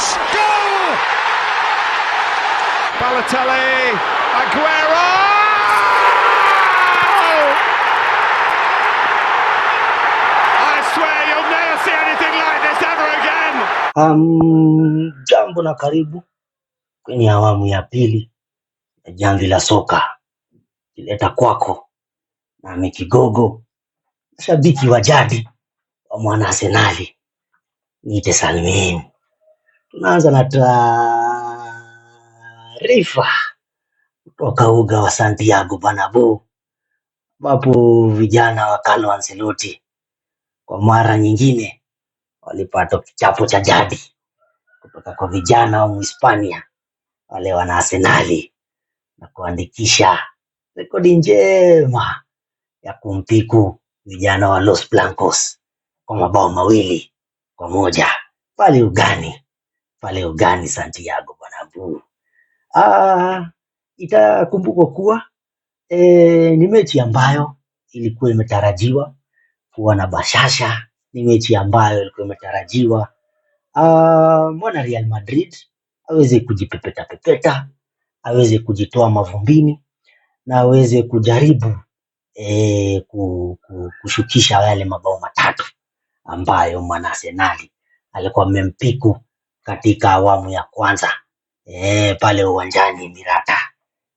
cross, goal! Balotelli, Aguero! I swear you'll never see anything like this ever again. Um, jambo na karibu kwenye awamu ya pili ya jamvi la soka kileta kwako nami Kigogo, shabiki wa jadi wa mwana Arsenali, niite Salmini. Tunaanza na taarifa kutoka uga wa Santiago Bernabeu ambapo vijana wa Carlo Ancelotti kwa mara nyingine walipata kichapo cha jadi kutoka kwa vijana wa Hispania wale wana Arsenali na kuandikisha rekodi njema ya kumpiku vijana wa Los Blancos kwa mabao mawili kwa moja pale ugani pale ugani Santiago bwanangu. Ah, itakumbukwa kuwa e, ni mechi ambayo ilikuwa imetarajiwa kuwa na bashasha, ni mechi ambayo ilikuwa imetarajiwa ah, mwana Real Madrid aweze kujipepeta pepeta, aweze kujitoa mavumbini na aweze kujaribu e, kushukisha yale mabao matatu ambayo mwana Arsenali alikuwa amempiku katika awamu ya kwanza e, pale uwanjani Mirata,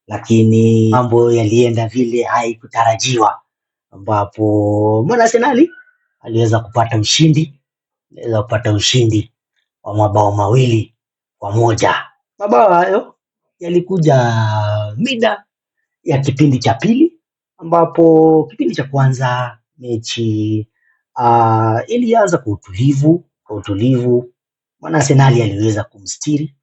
lakini mambo yalienda vile haikutarajiwa, ambapo mwana Arsenali aliweza kupata ushindi, aliweza kupata ushindi wa mabao mawili kwa moja. Mabao hayo yalikuja mida ya kipindi cha pili, ambapo kipindi cha kwanza mechi uh, ilianza kwa utulivu, kwa utulivu mwanasenali aliweza kumstiri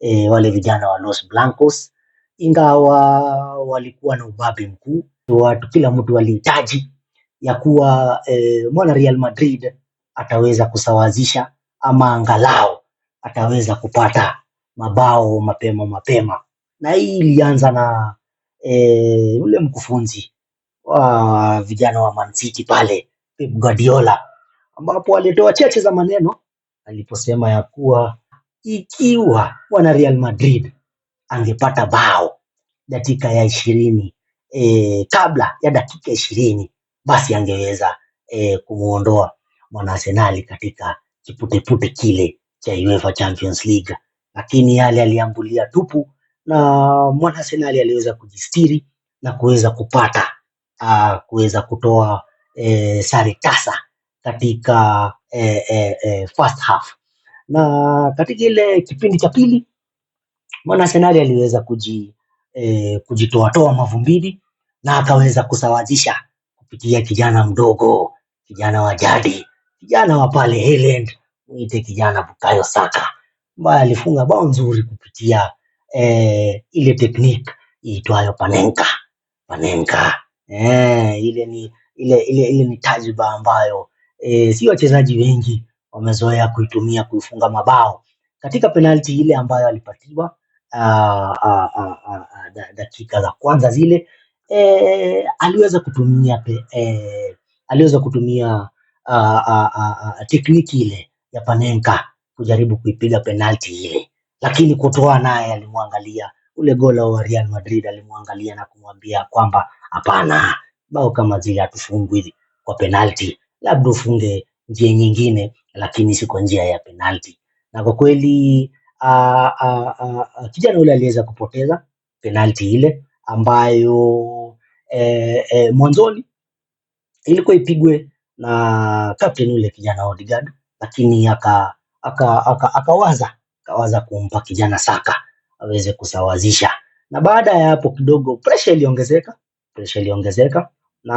e, wale vijana wa Los Blancos, ingawa walikuwa na ubabe mkuu. Watu kila mtu alihitaji ya kuwa e, mwana Real Madrid ataweza kusawazisha ama angalau ataweza kupata mabao mapema mapema, na hii ilianza na e, ule mkufunzi wa vijana wa Man City pale Pep Guardiola ambapo alitoa cheche za maneno aliposema ya kuwa ikiwa bwana Real Madrid angepata bao dakika ya ishirini e, kabla ya dakika ishirini basi angeweza e, kumuondoa mwana Arsenali katika kiputepute kile cha UEFA Champions League, lakini yale aliambulia tupu na mwana Arsenali aliweza kujistiri na kuweza kupata kuweza kutoa e, sare tasa katika eh, eh, eh, first half na katika ile kipindi cha pili mwana senari aliweza kuji, eh, kujitoatoa mavumbini na akaweza kusawazisha kupitia kijana mdogo, kijana wa jadi, kijana wa pale Highland, mwite kijana Bukayo Saka ambaye alifunga bao nzuri kupitia eh, ile technique iitwayo panenka panenka. Eh, ile ni ile, ile, ile ni tajriba ambayo e, si wachezaji wengi wamezoea kuitumia kuifunga mabao. Katika penalti ile ambayo alipatiwa dakika za kwanza zile e, aliweza kutumia pe, e, aliweza kutumia a, a, a, tekniki ile ya Panenka kujaribu kuipiga penalti ile, lakini kutoa naye alimwangalia ule gola wa Real Madrid alimwangalia na kumwambia kwamba hapana, bao kama zile hatufungwi kwa penalti labda ufunge njia nyingine, lakini si kwa njia ya penalti. Na kwa kweli a, a, a, kijana yule aliweza kupoteza penalti ile ambayo e, e, mwanzoni ilikuwa ipigwe na captain yule kijana Odegaard, lakini akawaza aka, aka, aka akawaza kumpa kijana Saka aweze kusawazisha, na baada ya hapo kidogo presha iliongezeka, presha iliongezeka na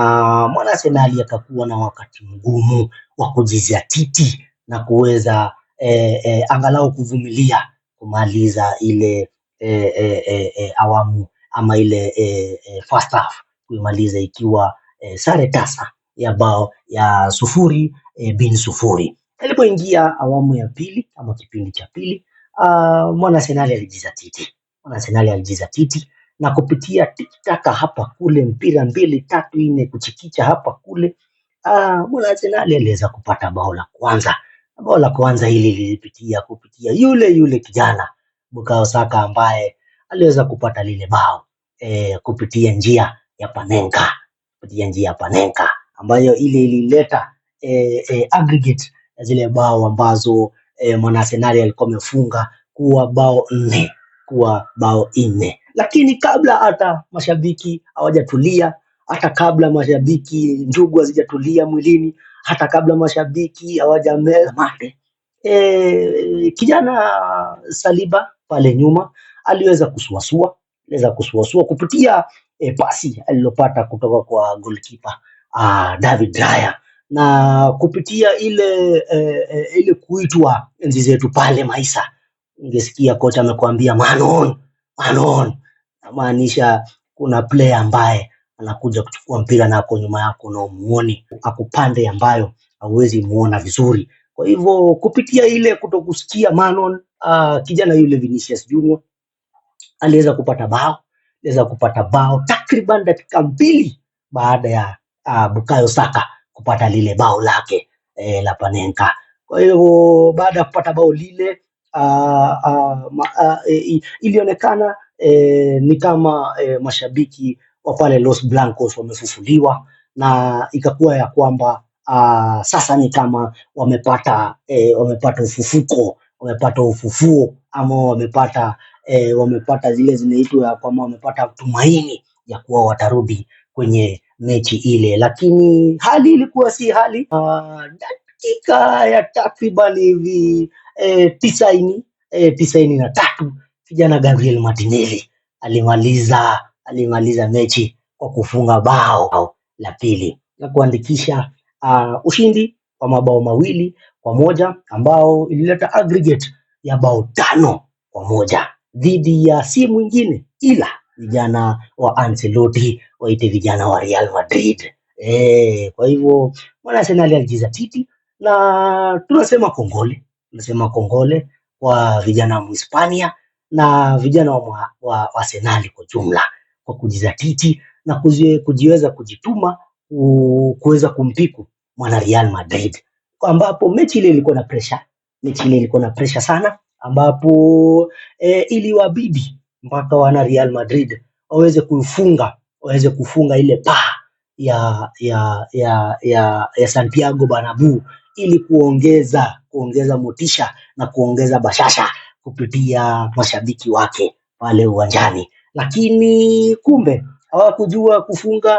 mwana Arsenali atakuwa na wakati mgumu wa kujizatiti na kuweza eh, eh, angalau kuvumilia kumaliza ile eh, eh, eh, eh, awamu ama ile eh, eh, first half kuimaliza ikiwa eh, sare tasa ya bao ya sufuri eh, bin sufuri. Alipoingia awamu ya pili ama kipindi cha pili, uh, mwana Arsenali alijizatiti, mwana Arsenali alijizatiti na kupitia tiktaka hapa kule, mpira mbili tatu nne, kuchikicha hapa kule, ah, mbona Arsenali aliweza kupata bao la kwanza. Bao la kwanza hili lilipitia kupitia yule yule kijana Bukayo Saka ambaye aliweza kupata lile bao e, kupitia njia ya Panenka, kupitia njia ya Panenka ambayo ile ilileta e, e, aggregate zile bao ambazo e, Mwanaarsenali alikuwa amefunga kuwa bao nne kuwa bao nne lakini kabla hata mashabiki hawajatulia, hata kabla mashabiki ndugu hazijatulia mwilini, hata kabla mashabiki hawajamea mate e, kijana Saliba pale nyuma aliweza kusuasua, aliweza kusuasua kupitia e, pasi alilopata kutoka kwa goalkeeper ah, David Raya na kupitia ile e, e, ile kuitwa enzi zetu pale Maisa, ungesikia kocha amekuambia manon manon maanisha kuna player ambaye anakuja kuchukua mpira na ako nyuma yako na umuoni, ako pande ambayo hauwezi muona vizuri. Kwa hivyo kupitia ile kutokusikia Manon, uh, kijana yule Vinicius Junior aliweza kupata bao, aliweza kupata bao takriban dakika mbili baada ya uh, Bukayo Saka kupata lile bao lake eh, la Panenka. Kwa hivyo baada ya kupata bao lile uh, uh, uh, uh, ilionekana e, ni kama e, mashabiki wa pale Los Blancos wamefufuliwa na ikakuwa ya kwamba a, sasa ni kama wamepata e, wamepata ufufuko wamepata ufufuo ama wamepata e, wamepata zile zinaitwa kwamba wamepata tumaini ya kuwa watarudi kwenye mechi ile, lakini hali ilikuwa si hali. Uh, dakika ya takribani hivi e, tisaini e, tisaini na tatu Kijana Gabriel Martinelli alimaliza alimaliza mechi kwa kufunga bao la pili na kuandikisha uh, ushindi wa mabao mawili kwa moja ambao ilileta aggregate ya bao tano kwa moja dhidi ya si mwingine ila vijana wa Ancelotti, waite vijana wa Real Madrid. E, kwa hivyo mwana Arsenal alijiza titi na tunasema kongole, tunasema kongole kwa vijana wa Hispania na vijana wa, wa senali kwa jumla kwa kujizatiti na kuzie, kujiweza kujituma kuweza kumpiku mwana Real Madrid, ambapo mechi ile ilikuwa na pressure, mechi ile ilikuwa na pressure sana, ambapo e, iliwabidi mpaka wana Real Madrid waweze kufunga waweze kufunga ile paa ya, ya, ya, ya, ya Santiago Bernabeu ili kuongeza kuongeza motisha na kuongeza bashasha kupitia mashabiki wake pale uwanjani, lakini kumbe hawakujua kufunga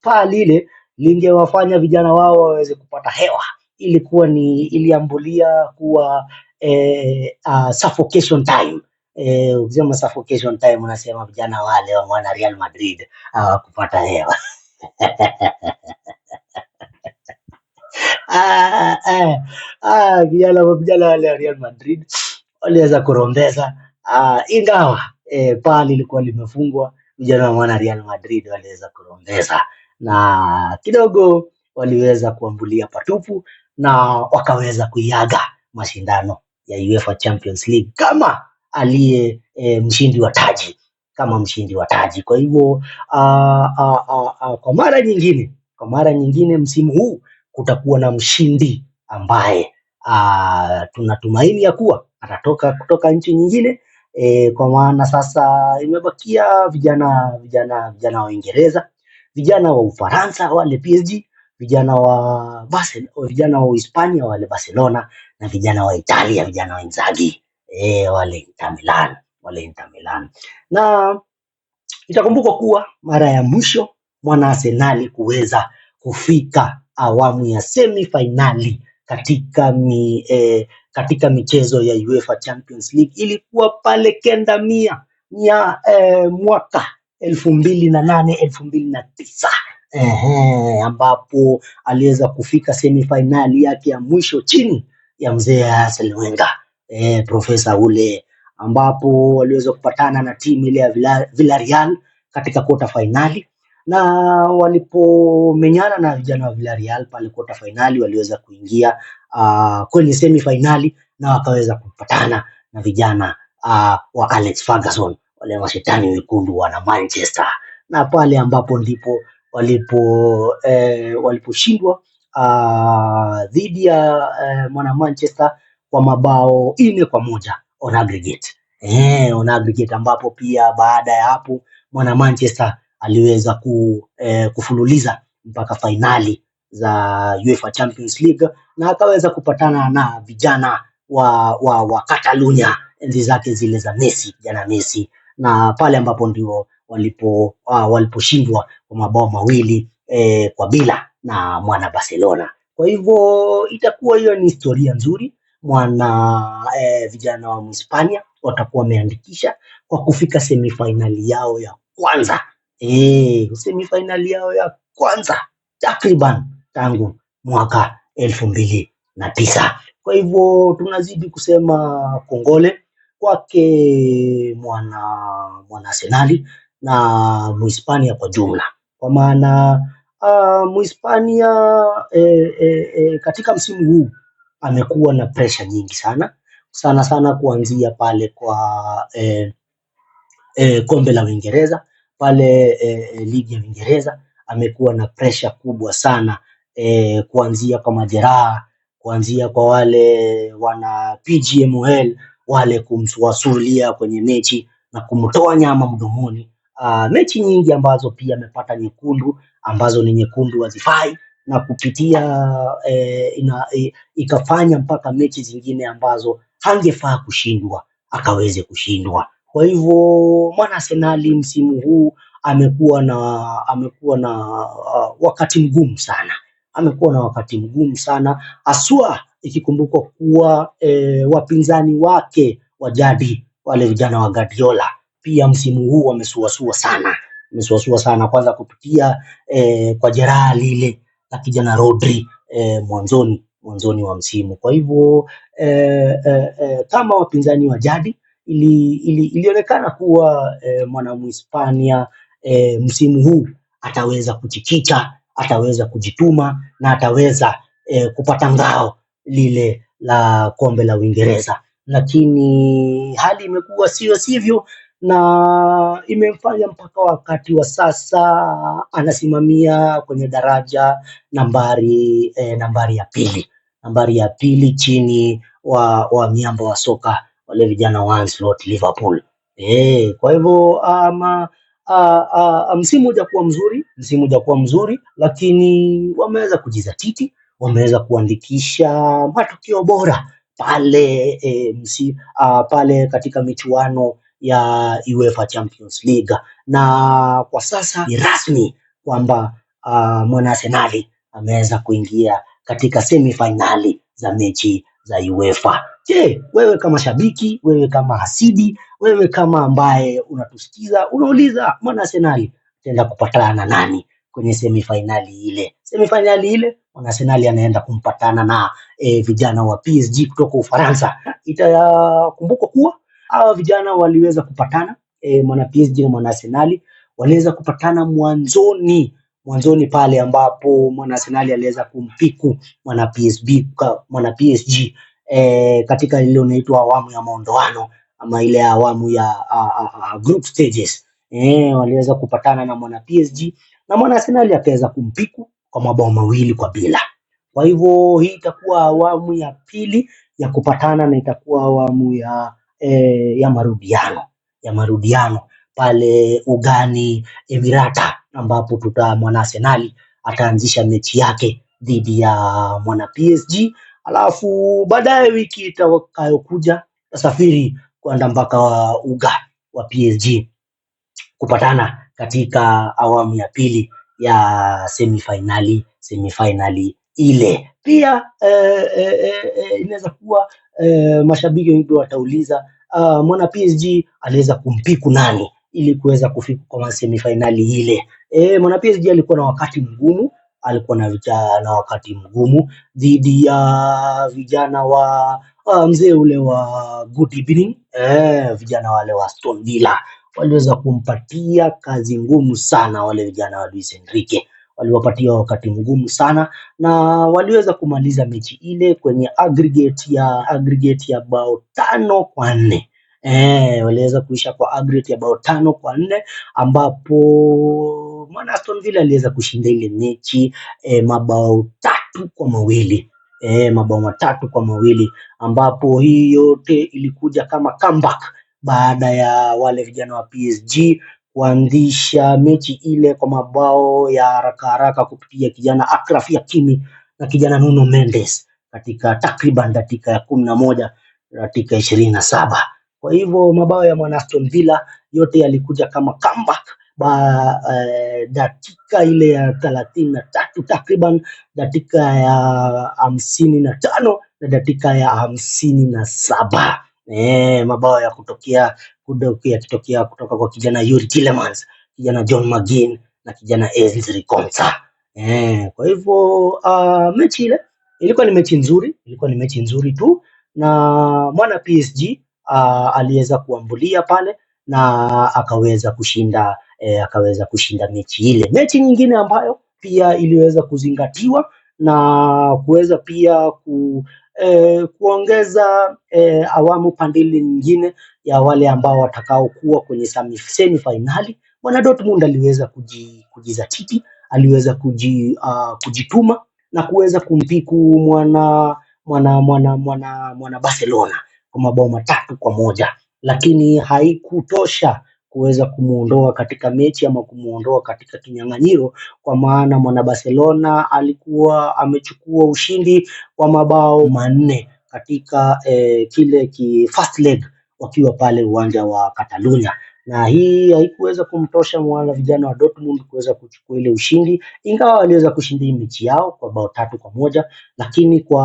paa lile lingewafanya vijana wao waweze kupata hewa. Ilikuwa ni iliambulia kuwa eh, uh, suffocation time eh, ukisema suffocation time unasema vijana wale wa mwana Real Madrid hawakupata hewa ah, ah, ah, vijana wale wa Real Madrid waliweza kurondeza uh, ingawa eh, paa lilikuwa limefungwa, vijana wa mwana Real Madrid waliweza kurondeza na kidogo waliweza kuambulia patupu na wakaweza kuiaga mashindano ya UEFA Champions League kama aliye e, mshindi wa taji kama mshindi wa taji. Kwa hivyo ah, ah, kwa mara nyingine, kwa mara nyingine msimu huu kutakuwa na mshindi ambaye a, tunatumaini ya kuwa atatoka kutoka nchi nyingine e, kwa maana sasa imebakia vijana vijana vijana wa Uingereza, vijana wa Ufaransa wale PSG, vijana wa Barcelona, vijana wa Hispania wale Barcelona na vijana wa Italia vijana wa Inzaghi e, wale Inter Milan, wale Inter Milan. Na itakumbukwa kuwa mara ya mwisho mwana Arsenali kuweza kufika awamu ya finali katika mi, eh, katika michezo ya UEFA Champions League ilikuwa pale kenda mia ya eh, mwaka elfu mbili na nane elfu mbili na tisa ehe, ambapo aliweza kufika semifainali yake ya mwisho chini ya mzee Arsene Wenger eh, profesa ule, ambapo aliweza kupatana na timu ile ya Villarreal katika kota fainali na walipomenyana na vijana wa Villarreal pale kota finali waliweza kuingia uh, kwenye semi finali na wakaweza kupatana na vijana uh, wa Alex Ferguson wale mashetani wekundu wana Manchester, na pale ambapo ndipo walipo eh, waliposhindwa ah, dhidi uh, ya eh, mwana Manchester kwa mabao nne kwa moja on aggregate. Eh, on aggregate ambapo pia baada ya hapo mwana Manchester aliweza ku, eh, kufululiza mpaka fainali za UEFA Champions League na akaweza kupatana na vijana wa, wa, wa Catalunya enzi zake zile za Messi, jana Messi, na pale ambapo ndio walipo uh, waliposhindwa kwa mabao mawili eh, kwa bila na mwana Barcelona. Kwa hivyo itakuwa hiyo ni historia nzuri mwana eh, vijana wa Hispania watakuwa wameandikisha kwa kufika semifainali yao ya kwanza eh, semi yao ya kwanza takriban tangu mwaka elfu mbili na tisa. Kwa hivyo tunazidi kusema kongole kwake mwana mwana na Muhispania kwa jumla, kwa maana uh, Muhispania eh, eh, eh, katika msimu huu amekuwa na presha nyingi sana sana sana kuanzia pale kwa eh, eh, kombe la Uingereza pale eh, ligi ya Uingereza amekuwa na presha kubwa sana eh, kuanzia kwa majeraha, kuanzia kwa wale wana PGMOL wale kumsuasulia kwenye mechi na kumtoa nyama mdomoni. Uh, mechi nyingi ambazo pia amepata nyekundu ambazo ni nyekundu hazifai na kupitia eh, ina, eh, ikafanya mpaka mechi zingine ambazo hangefaa kushindwa akaweze kushindwa. Kwa hivyo mwana Senali msimu huu amekuwa na amekuwa na uh, wakati mgumu sana, amekuwa na wakati mgumu sana haswa ikikumbukwa kuwa e, wapinzani wake wa jadi wale vijana wa Guardiola pia msimu huu wamesuasua sana, wamesuasua sana kwanza kupitia e, kwa jeraha lile la kijana Rodri e, mwanzoni mwanzoni wa msimu. Kwa hivyo e, e, e, kama wapinzani wa jadi ili, ili, ilionekana kuwa e, eh, mwanamhispania e, eh, msimu huu ataweza kuchikicha, ataweza kujituma na ataweza e, kupata ngao lile la kombe la Uingereza, lakini hali imekuwa sio sivyo, na imemfanya mpaka wakati wa sasa anasimamia kwenye daraja nambari e, nambari ya pili nambari ya pili chini wa, wa miamba wa soka wale vijana wa Ancelotti Liverpool. Eh, kwa hivyo ah, ama ah, ah, msimu hujakuwa mzuri, msimu hujakuwa mzuri, lakini wameweza kujizatiti, wameweza kuandikisha matukio bora pale e, msi, a, pale katika michuano ya UEFA Champions League, na kwa sasa ni rasmi kwamba mwana Arsenali ameweza kuingia katika semifinali za mechi za UEFA. Je, wewe kama shabiki, wewe kama hasidi, wewe kama ambaye unatusikiza, unauliza mwana Arsenali ataenda kupatana na nani kwenye semifainali ile? Semifainali ile mwana Arsenali anaenda kumpatana na e, vijana wa PSG kutoka Ufaransa. Itakumbukwa kuwa hawa vijana waliweza kupatana e, eh, mwana PSG na mwana Arsenali waliweza kupatana mwanzoni mwanzoni pale ambapo mwana Arsenali aliweza kumpiku mwana PSB, mwana PSG e, katika ile inaitwa awamu ya maondoano ama ile awamu ya a, a, a, group stages e, waliweza kupatana na mwana PSG na mwana Arsenal akaweza kumpiku kwa mabao mawili kwa bila. Kwa hivyo hii itakuwa awamu ya pili ya kupatana na itakuwa awamu ya e, ya marudiano ya marudiano pale ugani Emirata, ambapo tuta mwana Arsenal ataanzisha mechi yake dhidi ya mwana PSG alafu baadaye wiki itakayokuja tasafiri kwenda mpaka uga wa PSG kupatana katika awamu ya pili ya semifinali semifinali ile pia eh, eh, eh, eh inaweza kuwa eh, mashabiki wengi watauliza uh, ah, mwana PSG aliweza kumpiku nani ili kuweza kufika kwa semifinali ile. Eh, mwana PSG alikuwa na wakati mgumu alikuwa na, na wakati mgumu dhidi ya vijana wa uh, mzee ule wa Good Evening eh, vijana wale wa Stone Villa waliweza kumpatia kazi ngumu sana. Wale vijana wa Luis Enrique waliwapatia wakati mgumu sana, na waliweza kumaliza mechi ile kwenye aggregate ya aggregate ya bao tano kwa nne. Eh, waliweza kuisha kwa aggregate ya bao tano kwa nne ambapo maana Aston Villa aliweza kushinda ile mechi e, mabao tatu kwa mawili e, mabao matatu kwa mawili ambapo hii yote ilikuja kama comeback baada ya wale vijana wa PSG kuanzisha mechi ile kwa mabao ya haraka haraka kupitia kijana Akraf Hakimi na kijana Nuno Mendes katika takriban dakika ya kumi na moja dakika ishirini na saba. Kwa hivyo mabao ya mwana Aston Villa yote yalikuja kama comeback ba, eh, dakika ile ya thelathini na tatu takriban dakika ya hamsini na tano na dakika ya hamsini na saba eh, mabao ya kutokea yakitokea kutoka kwa kijana Yuri Tillemans, kijana John McGinn na kijana Ezri Konsa. Eh, kwa hivyo uh, mechi ile ilikuwa ni mechi nzuri, ilikuwa ni mechi nzuri tu na mwana PSG uh, ah, aliweza kuambulia pale na akaweza kushinda e, akaweza kushinda mechi ile. Mechi nyingine ambayo pia iliweza kuzingatiwa na kuweza pia ku, e, kuongeza e, awamu pandili nyingine ya wale ambao watakaokuwa kwenye semi finali. Bwana Dortmund aliweza kujizatiti aliweza kuji, uh, kujituma na kuweza kumpiku mwana mwana mwana mwana mwana Barcelona kwa mabao matatu kwa moja, lakini haikutosha kuweza kumuondoa katika mechi ama kumuondoa katika kinyang'anyiro, kwa maana mwana Barcelona alikuwa amechukua ushindi wa mabao manne katika eh, kile ki first leg wakiwa pale uwanja wa Catalunya na hii haikuweza kumtosha mwana vijana wa Dortmund kuweza kuchukua ile ushindi, ingawa waliweza kushinda mechi yao kwa bao tatu kwa moja, lakini kwa,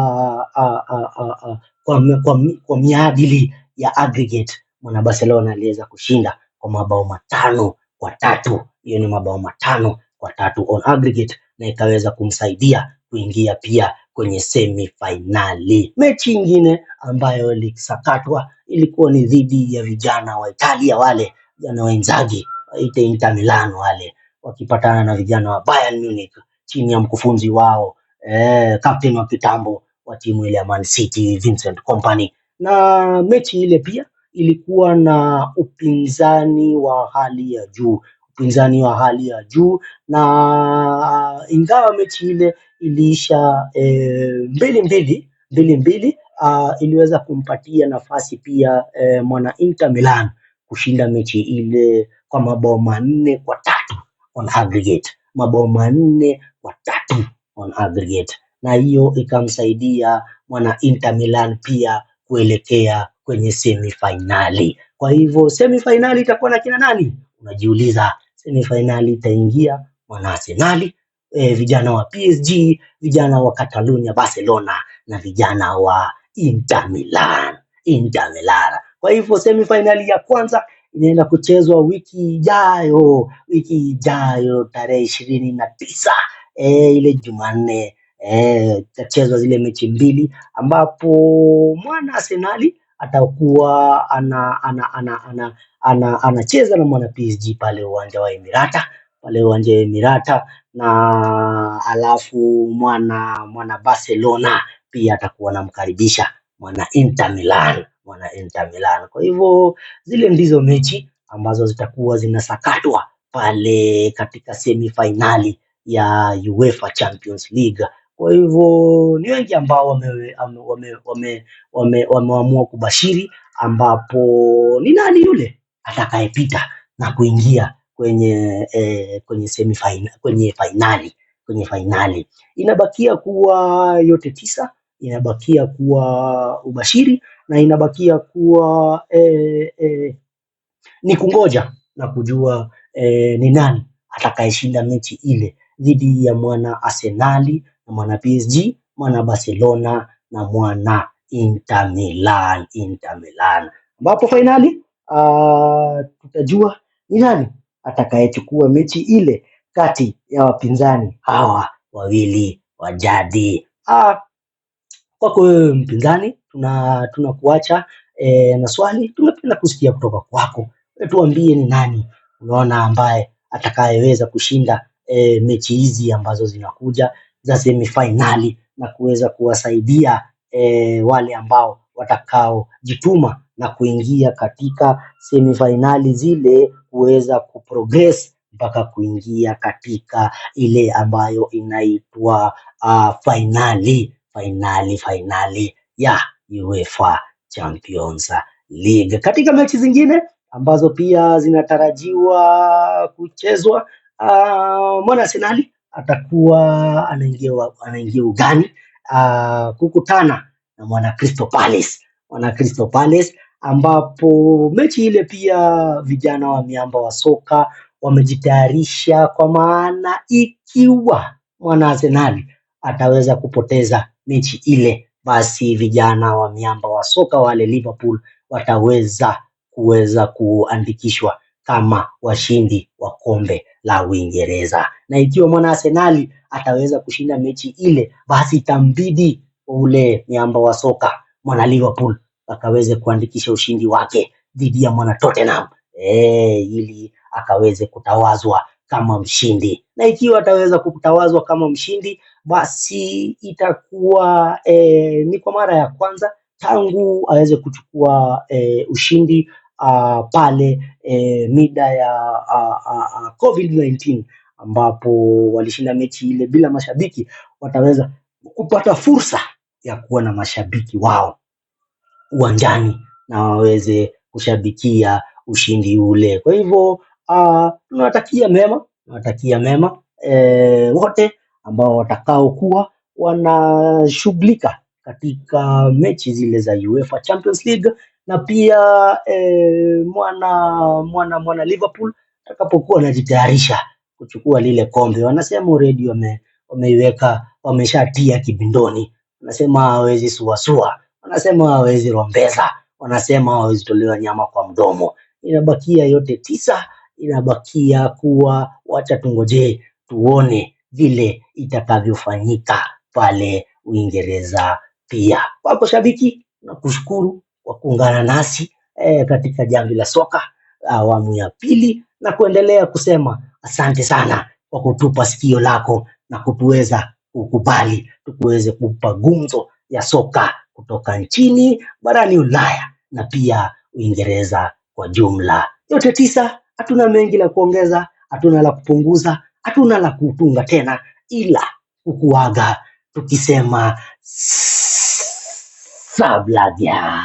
a, a, a, a, kwa, kwa, kwa miadili ya aggregate mwana Barcelona aliweza kushinda kwa mabao matano kwa tatu. Hiyo ni mabao matano kwa tatu on aggregate, na ikaweza kumsaidia kuingia pia kwenye semifainali. Mechi ingine ambayo ilisakatwa ilikuwa ni dhidi ya vijana wa Italia wale vijana wa Inzaghi waite Inter Milan wale wakipatana na vijana wa Bayern Munich chini ya mkufunzi wao eh, captain wa kitambo wa timu ile ya Man City Vincent Kompany, na mechi ile pia ilikuwa na upinzani wa hali ya juu, upinzani wa hali ya juu na ingawa mechi ile iliisha e, mbili mbili mbili mbili uh, iliweza kumpatia nafasi pia e, mwana Inter Milan kushinda mechi ile kwa mabao manne kwa tatu on aggregate, mabao manne kwa tatu on aggregate, na hiyo ikamsaidia mwana Inter Milan pia kuelekea kwenye semifainali. Kwa hivyo semifainali itakuwa na kina nani? Unajiuliza, semifainali itaingia mwana e, vijana wa PSG, vijana wa Catalonia Barcelona na vijana wa Inter Milan. Inter Milan. Kwa hivyo semifainali ya kwanza inaenda kuchezwa wiki ijayo, wiki ijayo tarehe ishirini na tisa e, ile Jumanne E, eh, tachezwa zile mechi mbili ambapo mwana Arsenali atakuwa anacheza ana, ana, ana, ana, ana na mwana PSG pale uwanja wa Emirata pale uwanja wa Emirata, na alafu mwana mwana Barcelona pia atakuwa anamkaribisha mwana Inter Milan mwana Inter Milan. Kwa hivyo zile ndizo mechi ambazo zitakuwa zinasakatwa pale katika semifinali ya UEFA Champions League kwa hivyo ni wengi ambao wameamua wame, wame, wame, wame, kubashiri ambapo ni nani yule atakayepita na kuingia kwenye eh, kwenye semifinali, kwenye fainali kwenye fainali. Inabakia kuwa yote tisa, inabakia kuwa ubashiri na inabakia kuwa eh, eh, ni kungoja na kujua eh, ni nani atakayeshinda mechi ile dhidi ya mwana Arsenali na mwana PSG, mwana Barcelona na mwana Inter Milan, Inter Milan, ambapo fainali uh, ah, tutajua ni nani atakayechukua mechi ile kati ya wapinzani hawa wawili wa jadi. Ah, kwako wewe mpinzani, tuna tunakuacha e, na swali tunapenda kusikia kutoka kwako. Tuambie ni nani unaona ambaye atakayeweza kushinda e, mechi hizi ambazo zinakuja za semifainali na kuweza kuwasaidia e, wale ambao watakaojituma na kuingia katika semifainali zile kuweza kuprogress mpaka kuingia katika ile ambayo inaitwa uh, ah, fainali fainali fainali ya UEFA Champions League. Katika mechi zingine ambazo pia zinatarajiwa kuchezwa uh, mwana Arsenali atakuwa anaingia anaingia ugani uh, kukutana na mwana Crystal Palace, mwana Crystal Palace ambapo mechi ile pia vijana wa miamba wa soka wamejitayarisha kwa maana ikiwa mwana Arsenali ataweza kupoteza mechi ile, basi vijana wa miamba wa soka wale Liverpool wataweza kuweza kuandikishwa kama washindi wa kombe la Uingereza, na ikiwa mwana Arsenali ataweza kushinda mechi ile, basi itambidi ule miamba wa soka mwana Liverpool akaweze kuandikisha ushindi wake dhidi ya mwana Tottenham e, ili akaweze kutawazwa kama mshindi, na ikiwa ataweza kutawazwa kama mshindi, basi itakuwa e, ni kwa mara ya kwanza tangu aweze kuchukua e, ushindi uh, pale eh, mida ya uh, uh, uh, COVID-19 ambapo walishinda mechi ile bila mashabiki, wataweza kupata fursa ya kuwa na mashabiki wao uwanjani na waweze kushabikia ushindi ule. Kwa hivyo uh, tunawatakia mema, tunawatakia mema e, wote ambao watakao kuwa wanashughulika katika mechi zile za UEFA Champions League na pia eh, mwana mwana mwana Liverpool atakapokuwa anajitayarisha kuchukua lile kombe. Wanasema already wame, wameiweka wameshatia kibindoni, wanasema hawezi suasua, wanasema hawezi rombeza, wanasema hawezi tolewa nyama kwa mdomo. Inabakia yote tisa, inabakia kuwa wacha tungoje tuone vile itakavyofanyika pale Uingereza. Pia kwako shabiki, nakushukuru wa kuungana nasi e, katika jamvi la soka awamu ya pili, na kuendelea kusema asante sana kwa kutupa sikio lako na kutuweza kukubali tukuweze kupa gumzo ya soka kutoka nchini barani Ulaya na pia Uingereza kwa jumla. Yote tisa, hatuna mengi la kuongeza, hatuna la kupunguza, hatuna la kutunga tena, ila kukuaga tukisema sablaja.